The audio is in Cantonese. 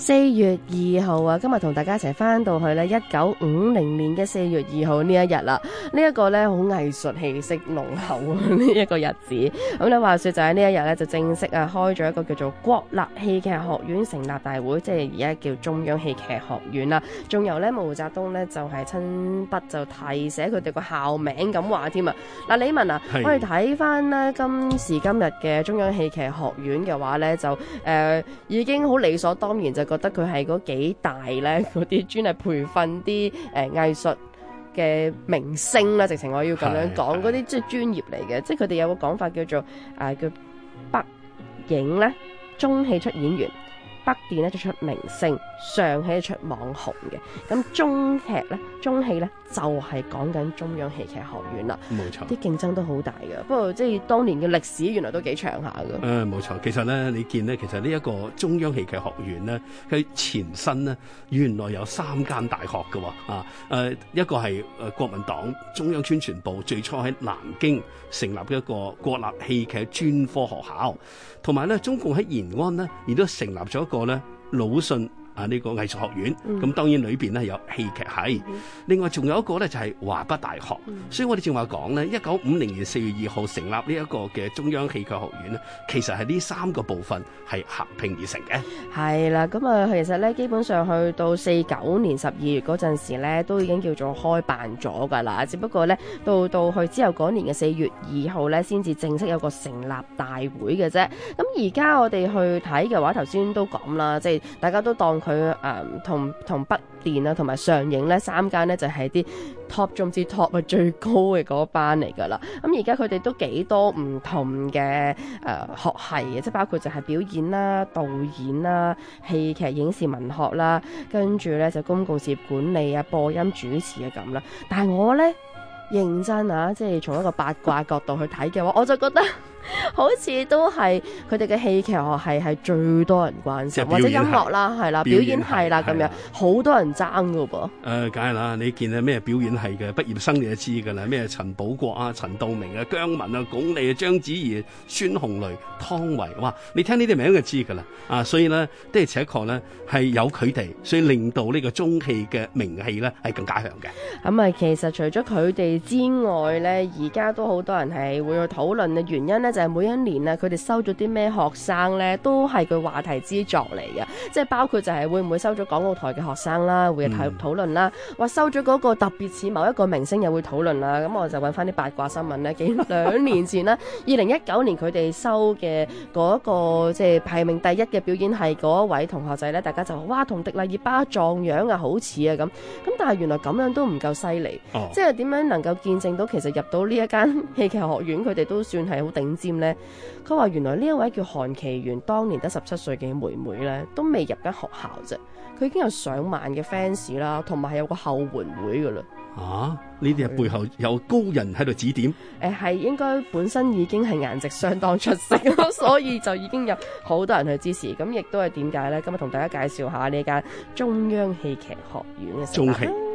四月二號啊，今日同大家一齊翻到去咧一九五零年嘅四月二號呢一日啦，呢、這、一個呢好藝術氣息濃厚啊。呢一個日子，咁、嗯、你話說就喺呢一日呢，就正式啊開咗一個叫做國立戲劇學院成立大會，即係而家叫中央戲劇學院啦，仲有呢，毛澤東呢，就係、是、親筆就提寫佢哋個校名咁話添啊。嗱，李文啊，我哋睇翻呢今時今日嘅中央戲劇學院嘅話呢，就誒、呃、已經好理所當然就。覺得佢係嗰幾大咧，嗰啲專係培訓啲誒、呃、藝術嘅明星啦，直情我要咁樣講，嗰啲即係專業嚟嘅，即係佢哋有個講法叫做誒、啊、叫北影咧，中戲出演員。北電咧，就出明星，上戲就出網紅嘅。咁中劇咧、中戲咧，就係講緊中央戲劇學院啦。冇錯錯，啲競爭都好大噶。不過即係當年嘅歷史，原來都幾長下噶。誒、嗯，冇錯。其實咧，你見咧，其實呢一個中央戲劇學院咧，佢前身咧原來有三間大學噶。啊，誒，一個係誒國民黨中央宣傳部最初喺南京成立一個國立戲劇專科學校，同埋咧中共喺延安咧亦都成立咗一個。我咧，魯迅。啊！呢、這個藝術學院，咁當然裏邊咧有戲劇系，嗯、另外仲有一個咧就係、是、華北大學，嗯、所以我哋正話講咧，一九五零年四月二號成立呢一個嘅中央戲劇學院咧，其實係呢三個部分係合併而成嘅。係啦，咁啊，其實咧，基本上去到四九年十二月嗰陣時時咧，都已經叫做開辦咗㗎啦。只不過咧，到到去之後嗰年嘅四月二號咧，先至正式有個成立大會嘅啫。咁而家我哋去睇嘅話，頭先都講啦，即係大家都當。佢誒、嗯、同同北電啊，同埋上影咧三間咧就係、是、啲 top 中之 top 嘅最高嘅嗰班嚟㗎啦。咁而家佢哋都幾多唔同嘅誒、呃、學系嘅，即包括就係表演啦、導演啦、戲劇、影視文學啦，跟住咧就公共事業管理啊、播音主持啊咁啦。但係我咧認真啊，即、就、係、是、從一個八卦的角度去睇嘅話， 我就覺得。好似都是他們的系佢哋嘅戲劇學系係最多人關心，係或者音樂啦，係啦的表演系啦咁樣，好多人爭噶噃。誒、呃，梗係啦，你見啊咩表演系嘅畢業生你都知噶啦，咩陳寶國啊、陳道明啊、姜文啊、鞏俐啊、章子怡、孫紅雷、湯唯，哇！你聽呢啲名就知噶啦。啊，所以呢，的而且確呢，係有佢哋，所以令到呢個中戲嘅名氣呢係更加強嘅。咁啊、嗯，其實除咗佢哋之外呢，而家都好多人係會去討論嘅原因呢。每一年咧、啊，佢哋收咗啲咩學生呢？都係佢話題之作嚟嘅，即係包括就係會唔會收咗港澳台嘅學生啦，會嘅討論啦，話、嗯、收咗嗰、那個特別似某一個明星又會討論啦。咁我就揾翻啲八卦新聞咧，幾兩年前啦、啊，二零一九年佢哋收嘅嗰、那個即係、就是、排名第一嘅表演係嗰一位同學仔呢。大家就話哇同迪麗熱巴撞樣啊，好似啊咁。咁但係原來咁樣都唔夠犀利，哦、即係點樣能夠見證到其實入到呢一間戲劇學院，佢哋都算係好頂尖咧，佢話原來呢一位叫韓其源，當年得十七歲嘅妹妹咧，都未入緊學校啫。佢已經有上萬嘅 fans 啦，同埋有個後援會噶啦。啊，呢啲係背後有高人喺度指點誒，係的、呃、應該本身已經係顏值相當出色，所以就已經有好多人去支持。咁亦 都係點解咧？今日同大家介紹下呢一間中央戲劇學院嘅中央。